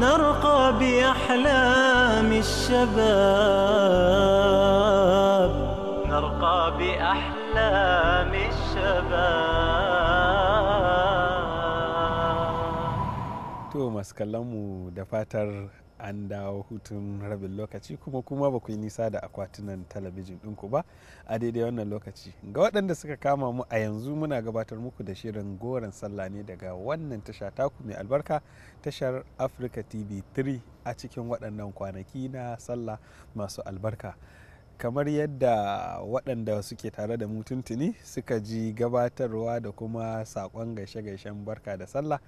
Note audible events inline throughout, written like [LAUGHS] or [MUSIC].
نرقى بأحلام الشباب نرقى بأحلام الشباب توماس كلامو دفاتر an dawo hutun rabin lokaci kuma kuma ba ku yi nisa da akwatunan talabijin ɗinku ba a daidai wannan lokaci ga waɗanda suka kama mu a yanzu muna gabatar muku da shirin goron sallah ne daga wannan tasha taku mai albarka tashar africa tv 3 a cikin waɗannan kwanaki na sallah masu albarka kamar yadda waɗanda suke tare da mu suka ji gabatarwa da kuma saƙon gaishe-gaishen barka da sallah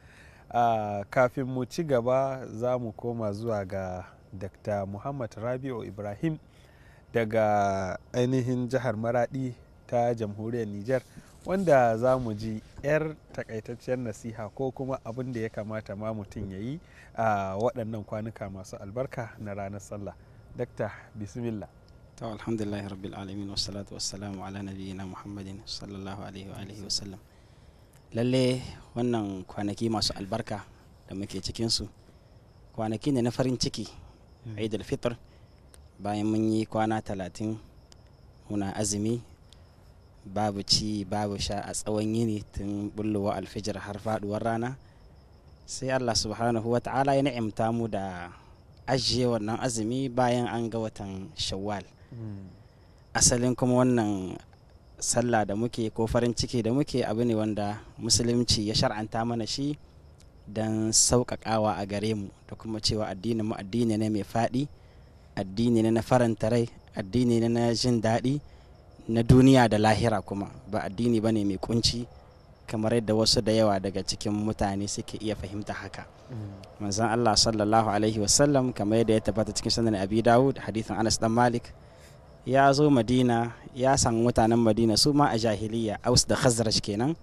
Uh, kafin mu ci gaba za mu koma zuwa ga dr muhammad rabi'u ibrahim daga ainihin jihar maradi ta jamhuriyar niger wanda za mu ji 'yar takaitacciyar nasiha ko kuma abin da ya kamata ma mutum ya yi a uh, waɗannan kwanuka masu albarka na ranar sallah dr bismillah ta alhamdulillahi rabbil alamin wasu salamu ala na muhammadin sallallahu alaihi wa sallam lalle wannan kwanaki masu albarka da muke cikinsu kwanaki ne na farin ciki hmm. idul fitr bayan mun yi kwana talatin muna azumi babu ci babu sha a tsawon yini tun bullowa alfijir har faduwar rana sai allah subhanahu wa ta'ala ya ni'imta mu da ajiye wannan azumi bayan an ga watan shawwal hmm. asalin kuma wannan sallah da muke ko farin ciki da muke abu ne wanda musulunci ya shar'anta mana shi don sauƙaƙawa a gare mu da kuma cewa addini mu addini ne mai faɗi addini ne na faranta rai addini ne na jin daɗi na duniya da lahira kuma ba addini ba ne mai kunci kamar yadda wasu da yawa daga cikin mutane suke iya fahimta haka mm. manzon Allah sallallahu alaihi wasallam kamar yadda ya tabbata cikin sanan abi dawud hadithin Anas dan Malik ya zo madina ya samu mutanen madina su ma a jahiliya aus da khazraj kenan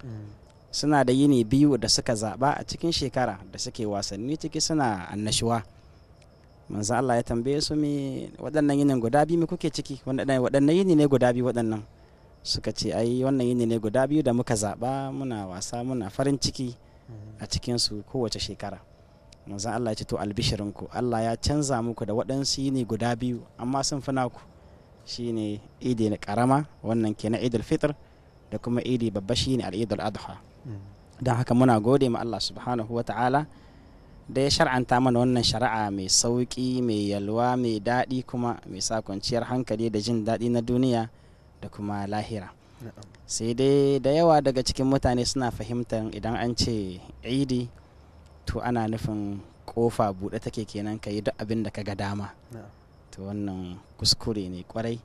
suna da yini biyu da suka zaba a cikin shekara da suke wasanni ciki suna annashuwa manzo Allah ya tambaye su me waɗannan yinin guda biyu kuke ciki waɗannan yini ne guda biyu waɗannan suka ce ai wannan yini ne guda biyu da muka zaba muna wasa muna farin ciki a cikin su kowace shekara manzo Allah ya ce to albishirinku Allah ya canza muku da waɗansu yini guda biyu amma sun fina ku shine idi na karama wannan ke na idul fitr da kuma idi babba shine al adha don haka muna gode ma Allah subhanahu wa ta'ala da ya shar'anta mana wannan shari'a mai sauƙi mai yalwa mai daɗi kuma mai sa kwanciyar hankali da jin daɗi na duniya da kuma lahira sai dai da yawa daga cikin mutane suna fahimtar idan an ce idi to ana nufin kofa buɗe take kenan ka yi duk abin da ka ga dama to wannan kuskure ne kwarai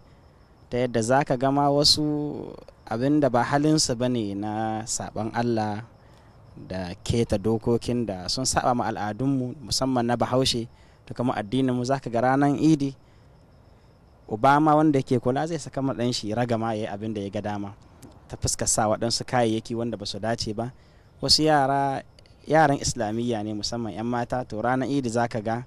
ta yadda za ka gama wasu abin da ba halinsu ba ne na saban allah da keta dokokin da sun saba ma al'adunmu musamman na bahaushe to kama addininmu za ka ga ranar idi obama wanda ke kula zai saka ɗan shi ragama ya yi abin da ya ga dama ta fuskar sa waɗansu kayayyaki wanda ba su dace ba wasu yaran islamiyya ne musamman 'yan mata to ranar idi za ka ga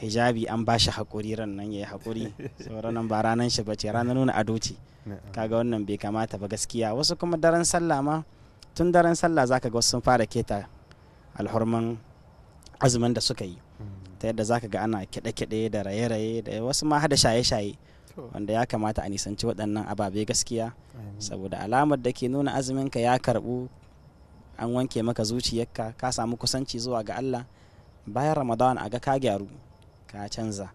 hijabi an ba shi haƙuri ran nan ya yi haƙuri sauran [LAUGHS] nan ba ranar shi bace ranar nuna ado ce kaga wannan bai kamata ba gaskiya wasu kuma daren sallah ma tun daren sallah zaka ga sun fara keta alhorman azumin da suka yi hmm. ta yadda zaka ga ana kiɗe-kiɗe da raye-raye da wasu ma hada shaye-shaye wanda ya kamata a nisanci waɗannan ababe gaskiya saboda alamar da ke nuna azumin ka ya karɓu an wanke maka zuciyarka ka samu kusanci zuwa ga Allah bayan ramadan a ga ka gyaru ka canza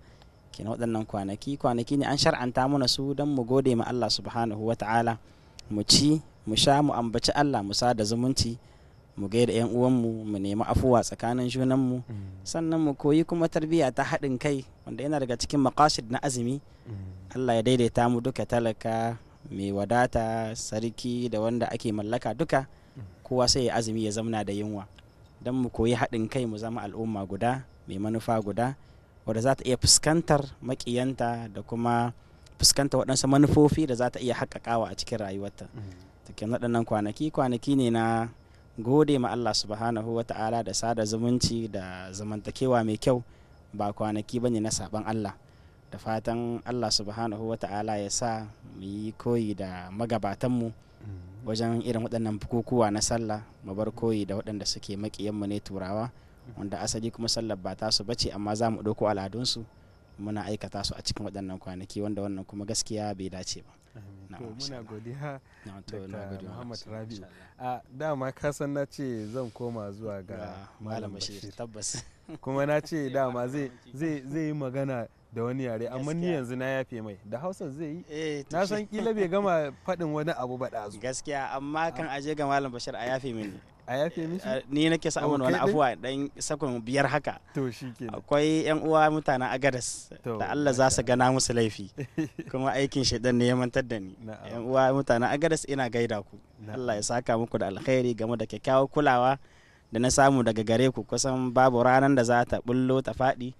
kina waɗannan kwanaki kwanaki ne an shar'anta mana su don mu gode ma Allah subhanahu wa ta'ala mu ci mu sha mu ambaci Allah mu sada zumunci mu gaida yan uwanmu mu nemi afuwa tsakanin junanmu mm. sannan mu koyi kuma tarbiyya ta haɗin kai wanda yana daga cikin maqasid na azumi mm. Allah ya daidaita mu duka talaka mai wadata sarki da wanda ake mallaka duka mm. kowa sai ya azumi ya zamna da yunwa don mu koyi haɗin kai mu zama al'umma guda mai manufa guda wadda za ta iya fuskantar makiyanta da kuma fuskantar waɗansu manufofi da za ta iya haƙaƙawa a cikin rayuwarta mm-hmm. take waɗannan kwanaki kwanaki ne na gode ma Allah subhanahu wa ta'ala da sada zumunci da zamantakewa mai kyau ba kwanaki bane na saban Allah da fatan Allah subhanahu wa ta'ala ya sa mu yi koyi da magabatanmu mm-hmm. wajen irin waɗannan bukukuwa na sallah mu bar koyi da waɗanda suke makiyanmu ne turawa wanda asali kuma sallar ba tasu bace amma za mu ɗauko al'adunsu muna aikata su a cikin waɗannan kwanaki wanda wannan kuma gaskiya bai dace ba to muna godiya daga muhammad rabi'u a dama ka san na ce zan koma zuwa ga malam bashir tabbas [LAUGHS] kuma na ce dama zai yi magana da wani yare amma ni yanzu na yafe mai da hausa zai yi eh, na san kila bai gama faɗin wani abu ba ɗazu gaskiya amma kan aje ga malam bashir a yafe mini a yafe mishi ni nake sa mana wani afuwa dan sakon biyar haka to shikenan akwai yan uwa mutanen agadas da Allah za su gana musu laifi [LAUGHS] kuma aikin shedan ne ya mantar da ni yan uwa mutanen agadas ina gaida ku Allah ya saka muku da alkhairi game da kyakkyawar kulawa da na samu daga gare ku kusan babu ranar da za ta bullo ta faɗi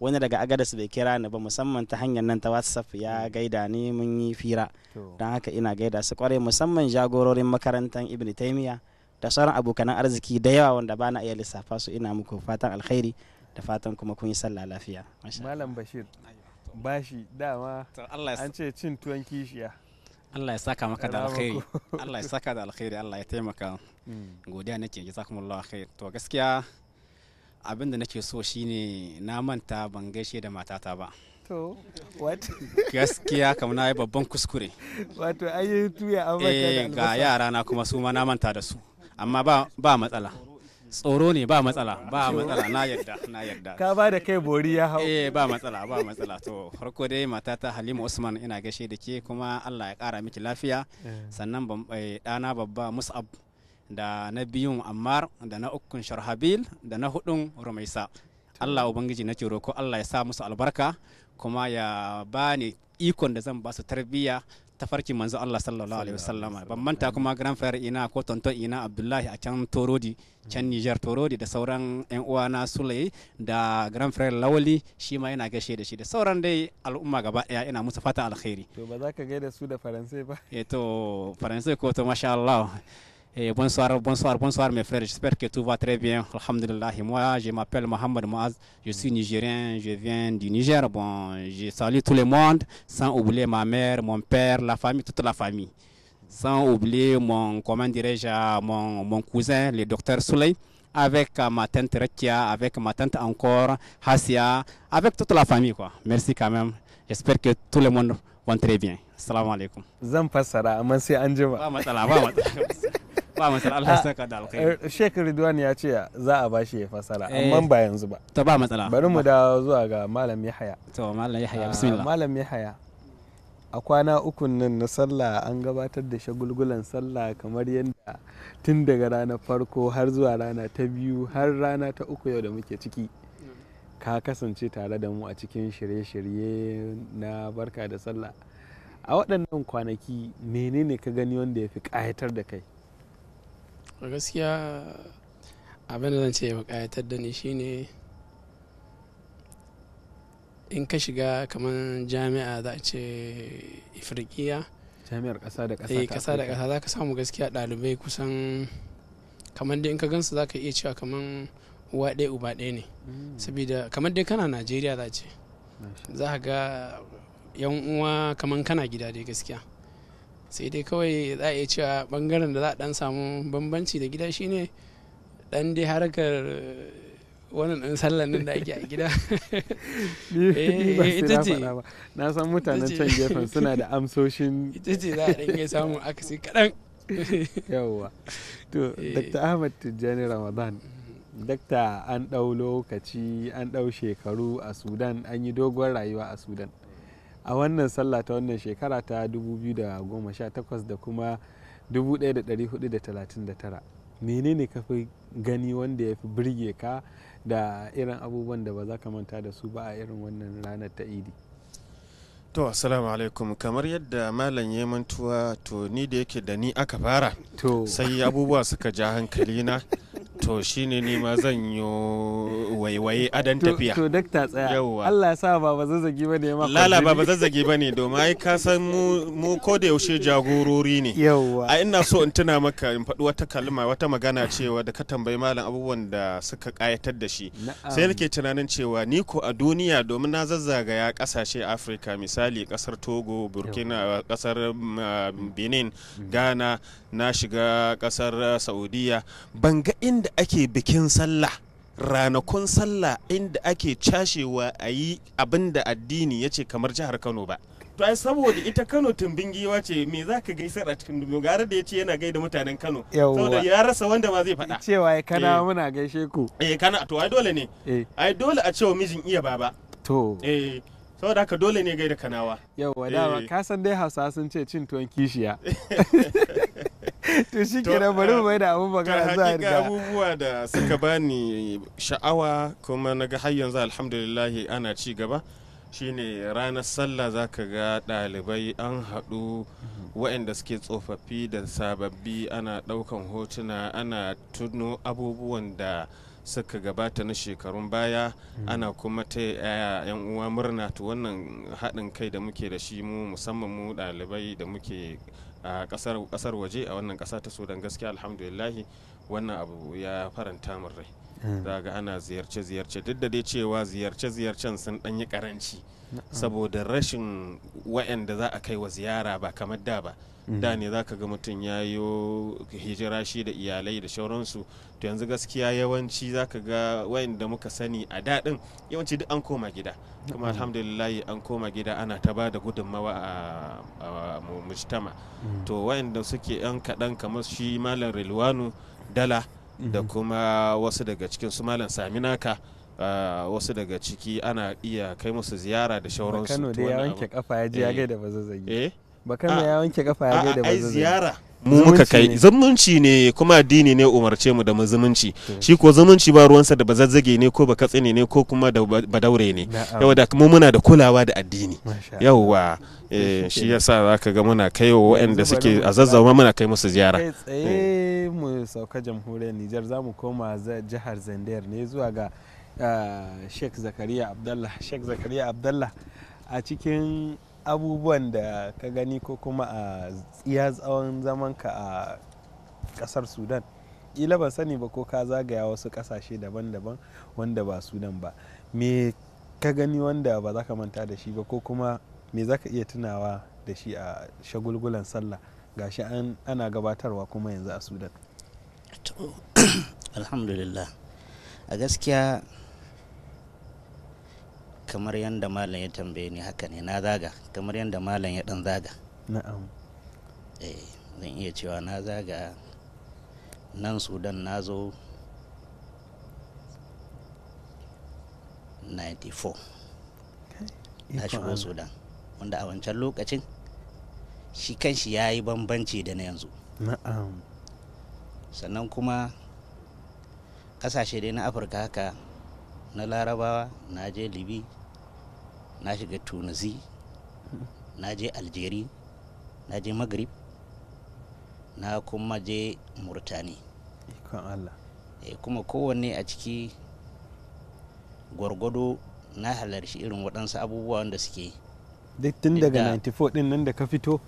wani daga agadas bai kira ni ba musamman ta hanyar nan ta whatsapp ya mm. gaida ni mun yi fira don haka ina gaida su kwarai musamman jagororin makarantar ibn taimiyya da sauran abokanan arziki da yawa wanda bana iya lissafa su ina muku fatan alkhairi da fatan kuma kun yi sallah lafiya malam bashir bashi dama an ce cin tuwon kishiya Allah ya saka maka da alkhairi Allah ya saka da alkhairi Allah ya taimaka hmm. godiya nake jazakumullahu alkhairi to gaskiya abin da nake so shine na manta ban gaishe da matata ba to what [LAUGHS] gaskiya kamar na yi babban kuskure wato ayi tuya an eh, ga yara na kuma su ma na manta da su amma ba matsala tsoro ne ba matsala ba matsala na yadda na yadda ka ba da kai bori ya hau eh ba matsala ba matsala to farko dai matata Halima Usman ina gaishe da ke kuma Allah ya kara miki lafiya eh. sannan dana eh, babba Mus'ab da na biyun Ammar da na ukun Sharhabil da na hudun Rumaisa Allah ubangiji nake ko Allah ya sa musu albarka kuma ya bani ikon da zan ba su tarbiyya tafarkin manzo Allah sallallahu alaihi wasallama ban manta kuma grand frère ina ko tonto ina Abdullahi a can Torodi can Niger Torodi da sauran yan uwana Sule da grand frère Lawali shi ma yana gaishe da shi da sauran dai al'umma gaba daya ina musu fata alkhairi to ba za ka gaida su da faransai ba eh to faransai ko to masha Allah bonsoir, bonsoir, bonsoir mes frères. J'espère que tout va très bien. Alhamdulillah. Moi, je m'appelle Mohamed Moaz. Je suis nigérien. Je viens du Niger. Bon, je salue tout le monde sans oublier ma mère, mon père, la famille, toute la famille. Sans oublier mon, comment dirais-je, mon, mon cousin, le docteur Soleil avec euh, ma tante Rekia, avec ma tante encore, Hassia, avec toute la famille. Quoi. Merci quand même. J'espère que tout le monde va très bien. Assalamu alaikum. Zan pas [LAUGHS] ba matsala Allah saka da alkhairi eh, Sheikh Ridwan ya ce za a bashi ya fasara eh. amma ba yanzu ba to ba matsala bari mu dawo zuwa ga malam Yahaya to malam Yahaya ah, bismillah malam Yahaya a kwana ukun nan na sallah an gabatar da shagulgulan sallah kamar yadda tun daga ranar farko har zuwa rana ta biyu har rana ta uku yau da muke ciki ka kasance tare da mu a cikin shirye-shirye na barka da sallah a waɗannan kwanaki menene ka gani wanda ya fi ƙayatar da kai gaskiya abin da zan ce ya kayatar da ni shine in ka shiga kamar jami'a za a ce ifirkiya jami'ar kasa da eh, ta kasa da kasa za ka samu gaskiya dalibai kusan kamar dai in ka gansu za ka iya cewa kamar uwa ɗaya uba ɗaya ne hmm. saboda kamar dai kana najeriya za ce za ka ga yan uwa kamar kana gida dai gaskiya sai dai kawai za a iya cewa bangaren da za a dan samu bambanci da gida shine dan dai harkar wannan ɗan sallan nan da ake a gida eh, na san mutanen can gefen suna da amsoshin [LAUGHS] ita ce za a ɗan samun akasi kaɗan yawwa to eh. dr ahmad tijjani ramadan dakta an ɗau lokaci an ɗau shekaru a sudan an yi dogon rayuwa a sudan a wannan sallah ta wannan shekara ta 2018 da kuma 1439 menene ka fi gani wanda ya fi birge ka da irin abubuwan da ba za ka manta da su ba a irin wannan ranar ta idi to assalamu alaikum kamar yadda malam ya mantuwa to ni da yake da ni aka fara sai abubuwa suka ja hankali na [LAUGHS] to shi ne ma zan yi waiwaye adan tafiya to dakta tsaya Allah ya sa ba ba zazzagi bane ma lala ba ba zazzagi bane domin ai ka san mu mu ko da yaushe jagorori ne yawa a ina so in tuna maka in faɗi wata kalma wata magana cewa da ka tambayi malam abubuwan da suka kayatar da shi sai nake tunanin cewa ni ko a duniya domin na zazzagaya kasashe Afirka misali kasar Togo Burkina kasar mm, ah, mm. Benin mm. Ghana na shiga kasar ah, Saudiya ban ga inda inda ake bikin sallah ranakun sallah inda ake cashewa a yi abin da addini ya ce kamar jihar kano ba to ai saboda ita kano tumbin giwa ce me za ka gaisar a cikin dogara da ya ce yana gaida mutanen kano saboda ya rasa wanda ma zai faɗa cewa ya kana eh. muna gaishe ku eh kana to ai dole ne eh. ai dole a cewa mijin iya baba to eh saboda haka dole ne gaida kanawa yauwa dama eh. ka san dai hausa sun ce cin tuwon kishiya [LAUGHS] to shi ke nan bari eh, mai da abubuwa magana za a abubuwa da suka bani sha'awa kuma na ga har yanzu alhamdulillahi ana ci gaba shine ranar sallah za ka ga ɗalibai an haɗu waɗanda suke tsofaffi da sababbi ana ɗaukan hotuna ana tuno abubuwan da suka gabata na shekarun baya hmm. ana kuma ta yan uwa murna to wannan haɗin kai da muke da shi mu musamman mu ɗalibai da muke a ƙasar waje a wannan ƙasa ta sudan gaskiya alhamdulillahi wannan abu ya faranta min rai hmm. ga ana ziyarce-ziyarce duk da dai cewa ziyarce-ziyarcen sun ɗan yi karanci saboda rashin wa'anda za a kai wa ziyara ba kamar da ba Mm. da ne za ka ga mutum ya yi hijira shi da iyalai da shauransu to yanzu gaskiya yawanci za ka ga wayanda muka sani a daɗin yawanci duk an koma gida kuma mm. alhamdulillah an koma gida ana ta ba da gudunmawa a mujtama mm. to wayanda suke yan kaɗan kamar shi malam rilwanu dala mm-hmm. da kuma wasu daga cikin su malam saminaka Uh, wasu daga ciki ana iya kai musu ziyara da shauransu kano da ya wanke kafa ya ji ya eh. gaida ba zazzagi eh bakar yawon ke kafa ya gaida bazazai ziyara mu muka kai zumunci ne kuma addini ne umarce mu da mu zumunci shi ko zumunci ba ruwansa da bazazzage ne ko baka tsine ne ko kuma da badaure ne yawa da mu muna da kulawa da addini yawa eh, shi yasa ka ga muna kai wa waɗanda suke a zazzauma muna kai musu ziyara kai tsaye mu sauka jamhuriyar Nijar zamu koma jihar Zandar ne zuwa ga ah, Sheikh Zakariya Abdullah Sheikh Zakariya Abdullah a cikin abubuwan da ka gani ko kuma a tsiya tsawon zamanka a kasar sudan ƙila ban sani ba ko ka zagaya wasu kasashe daban-daban wanda ba sudan ba me ka gani wanda ba za ka manta da shi ba ko kuma me za ka iya tunawa da shi a shagulgulan sallah gashi an ana gabatarwa kuma yanzu a sudan [CLEARS THROAT] alhamdulillah a gaskiya kamar yadda malam ya tambaye ni haka ne na zaga kamar yadda malam ya dan zaga na'am eh zan iya cewa na zaga nan sudan na zo 94 na shigo sudan wanda a wancan lokacin shi kanshi ya yi bambanci da na yanzu na'am sannan kuma kasashe dai na afirka haka na larabawa na je libi na shiga tunisi na je algeri na je maghrib na kuma je murtani eh, kuma kowanne a ciki gwargwado na halarci irin waɗansu abubuwa wanda suke duk tun daga 94 ɗin nan da ka fito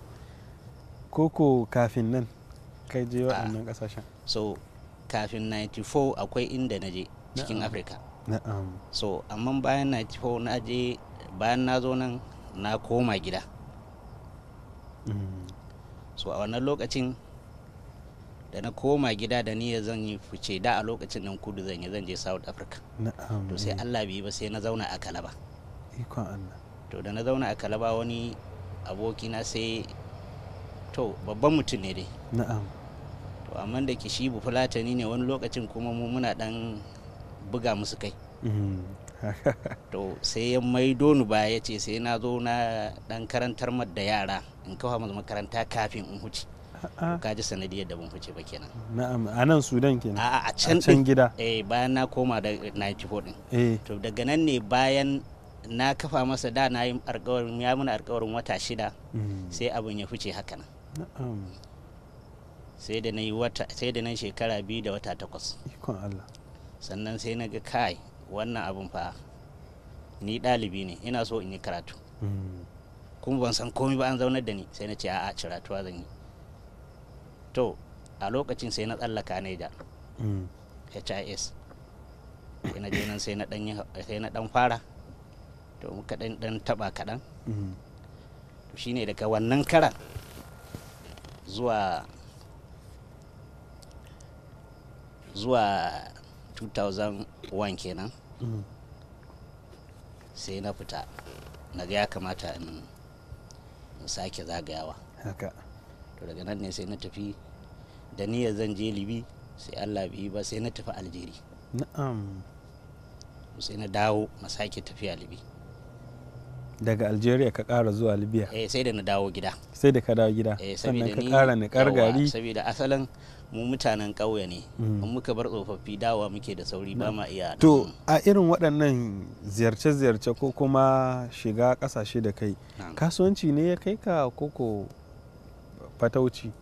koko kafin nan kai je ah. waɗannan ƙasashen so kafin 94 akwai inda na je cikin afirka so amma bayan 94 na je bayan na zo nan na koma gida mm. so a wannan lokacin da na koma gida da niyyar zan yi fice da a lokacin nan kudu zan yi zan je south africa to sai allah bi ba sai na zauna a kalaba to da na zauna a kalaba wani abokina sai to babban mutum ne dai to amma da ke shi bufulatani ne wani lokacin kuma mu muna dan buga musu kai mm. [LAUGHS] to sai ya maido ni ba ya ce sai na zo na dan karantar da yara in kawo masu makaranta kafin in huce ka ji sanadiyar da ban huce ba kenan na'am a nan sudan kenan a can gida eh bayan na koma da 94 din eh. to daga nan ne bayan na kafa masa da na yi alkawarin ya muna alkawarin wata shida mm. sai abin ya huce haka nan sai da na yi wata sai da nan shekara biyu da wata takwas ikon Allah sannan sai na ga kai wannan abin fa ni ɗalibi ne ina so in yi karatu hmm. kuma ban san komai ba an zaunar da ni sai na ce a'a ciratuwa zan yi to a lokacin sai na tsallaka ne da his hmm. sai na nan sai na dan fara to muka dan dan taba kaɗan hmm. to shine daga wannan kara zuwa zuwa 2001 kenan mm. sai na fita na ga ya kamata in sake zagayawa to daga nan ne sai na tafi da niyyar zan je libi sai allah bi ba sai na tafi aljeri na'am sai na dawo na sake tafiya libi daga algeria ka kara zuwa libya eh sai da na dawo gida sai da ka dawo gida eh, sannan ka kara ni gari saboda asalin mu mutanen ƙauye ne mun mm. muka bar tsofaffi dawa muke da sauri ba ma iya to a irin waɗannan ziyarce-ziyarce ko kuma shiga ƙasashe da kai kasuwanci ne ya kai ka koko fatauci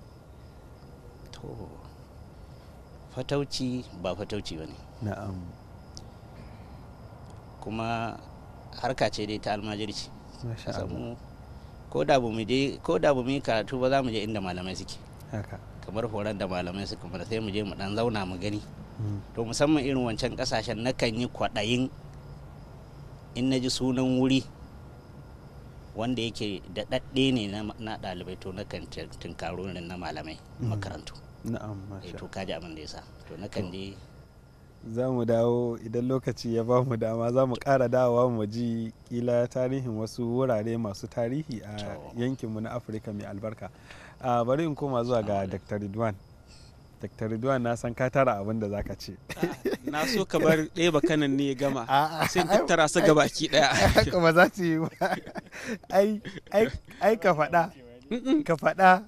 to fatauci ba fatauci ba ne na'am kuma harka ce dai ta almajirci ko da ba mu yi karatu ba za mu je inda malamai suke kamar horar da malamai suka mana sai mu je mu dan zauna mu gani hmm. to musamman irin wancan kasashen na kan yi kwaɗayin in na ji sunan wuri wanda yake da daɗe ne na ɗalibai to na kan tunkaro na malamai hmm. makarantu na'am eh, to kaji abin da ya sa to na kan je za mu dawo idan lokaci ya ba mu dama za mu kara dawowa mu ji kila tarihin wasu wurare masu tarihi a yankinmu na afirka mai albarka bari in koma zuwa ga dr ridwan dr ridwan na san ka tara abin da zaka ce ah, na so ka bar ɗaya bakanan ne ya gama sai tara su gaba ki ɗaya kuma za su yi ai ka faɗa ka faɗa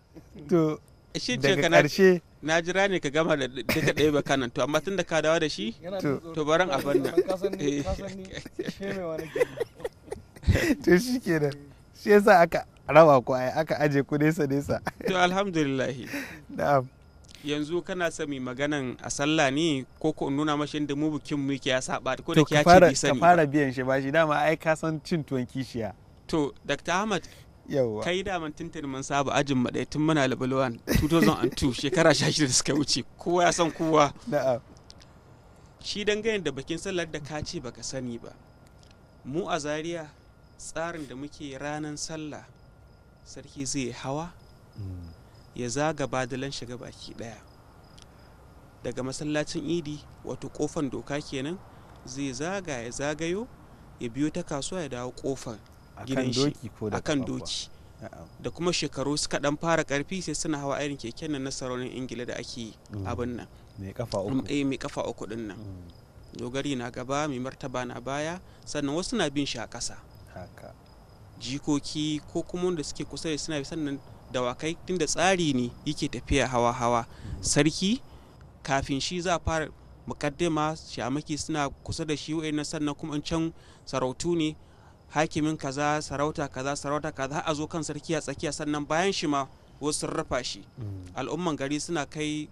to daga ƙarshe na jira ne ka gama da duka ɗaya ba kanan to amma tun da ka dawo da shi to baran a banna eh. [LAUGHS] to shi kenan shi yasa aka rawa ku ai aka aje ku nesa nesa to alhamdulillah [LAUGHS] na'am yanzu kana sami mai maganan a sallah ne ko ko nuna mashi inda mu bukin mu yake ya saba ko da ya ce bi sani ka fara biyan shi ba shi dama ai ka san cin tuwon kishiya to dr ahmad yauwa kai daman tuntuni mun saba ajin mu tun muna level 1 2002 shekara 16 da suka wuce kowa ya san kowa na'am shi dangane da bakin sallar da ka ce baka sani ba mu a Zariya tsarin da muke ranar sallah sarki zai hawa mm. ya zaga badalan shiga baki daya daga masallacin idi wato kofan doka kenan zai zaga ya zagayo ya biyo ta kasuwa ya dawo kofar gidan shi kan doki da kuma shekaru suka dan fara karfi sai suna hawa irin keken nan na sarauniyar ingila da ake mm. abin nan mai kafa uku din mm, eh, nan mm. dogari na gaba mai martaba na baya sannan wasu na bin shi a ƙasa jikoki ko kuma wanda suke kusa da suna sannan dawakai Inda tsari ne yake tafiya hawa hawa sarki kafin shi za a fara mukaddima shamaki suna kusa da shi wa'in sannan kuma can sarautu ne hakimin kaza sarauta kaza sarauta kaza a zo kan sarki a tsakiya sannan bayan shi ma wasu rufa shi mm. al'umman gari suna kai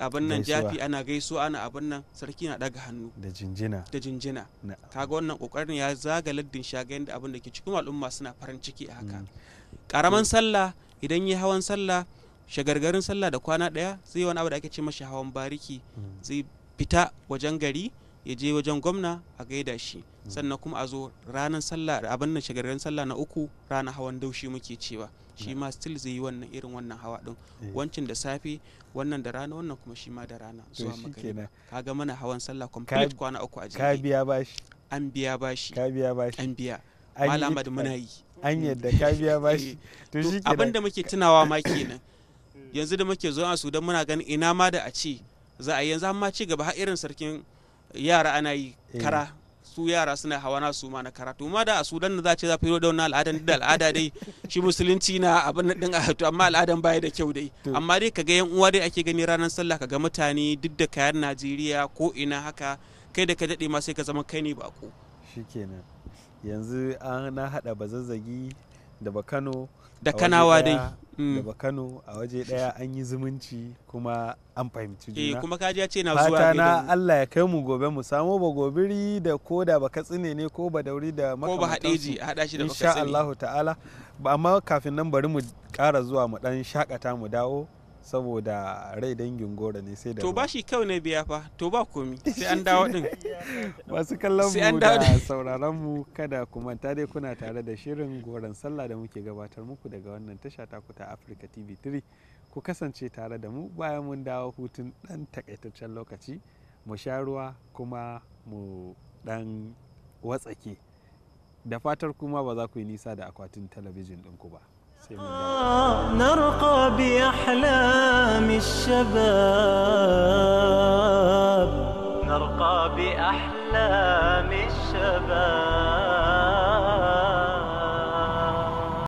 abin nan jafi ana gaiso ana abin nan sarki na daga hannu da jinjina da jinjina kaga wannan kokarin ya zaga laddin shagayen da abin da ke cikin al'umma suna farin ciki a haka karaman mm. sallah idan yi hawan sallah shagargarin sallah da kwana daya zai wani abu da ake ce mashi hawan bariki mm. zai fita wajen gari ya je wajen gwamna a gaida shi sannan kuma a zo ranar sallah abin nan shagararren sallah na uku ranar hawan daushi muke cewa shi ma still zai yi wannan irin wannan hawa din eh. wancin da safe wannan da rana wannan kuma shi ma da rana zuwa magariba kaga mana hawan sallah complete kwana uku a jiki ka biya bashi an biya bashi ka biya bashi an biya malam da muna yi an yadda ka biya [LAUGHS] bashi eh. to shi abin da muke tunawa ma kenan yanzu da muke zuwa a sudan muna ganin ina ma da a ce za a yanzu ma ci gaba har irin sarkin yara ana yi eh. kara su yara suna hawa na su ma na kara to ma da a sudan da za ce za fi da al'adan da al'ada dai shi musulunci na abin din a to amma al'adan baya da kyau dai amma dai kaga yan uwa dai ake gani ranar sallah kaga mutane duk da kayan najeriya ko ina haka kai da ka daɗe ma sai ka zama kai ne bako shikenan yanzu an na haɗa bazazzagi da bakano da kanawa dai Mm. daba kano a waje daya an yi zumunci kuma an fahimci juna. Eh, kuma kaji ya ce na zuwa Fata na Allah ya kai mu gobe mu samo ba gobiri da ko da baka tsine ne ko ba dauri da makamantan. Ko ba hadeji a hada shi da tsine. Insha allah ta'ala. Amma kafin nan bari mu kara zuwa mu dan shakata mu dawo saboda rai dangin gora ne sai da to ba shi kawai na biya fa to ba komi [LAUGHS] sai an dawo din masu kallon mu da sauraron mu kada ku manta dai kuna tare da shirin goron sallah da muke gabatar muku daga wannan tasha ta ku ta Africa TV 3 ku kasance tare da mu bayan mun dawo hutun dan takaitaccen lokaci mu sha ruwa kuma mu dan watsake da fatar kuma ba za ku yi nisa da akwatin talabijin ɗinku ba آه، نرقى بأحلام الشباب نرقى بأحلام الشباب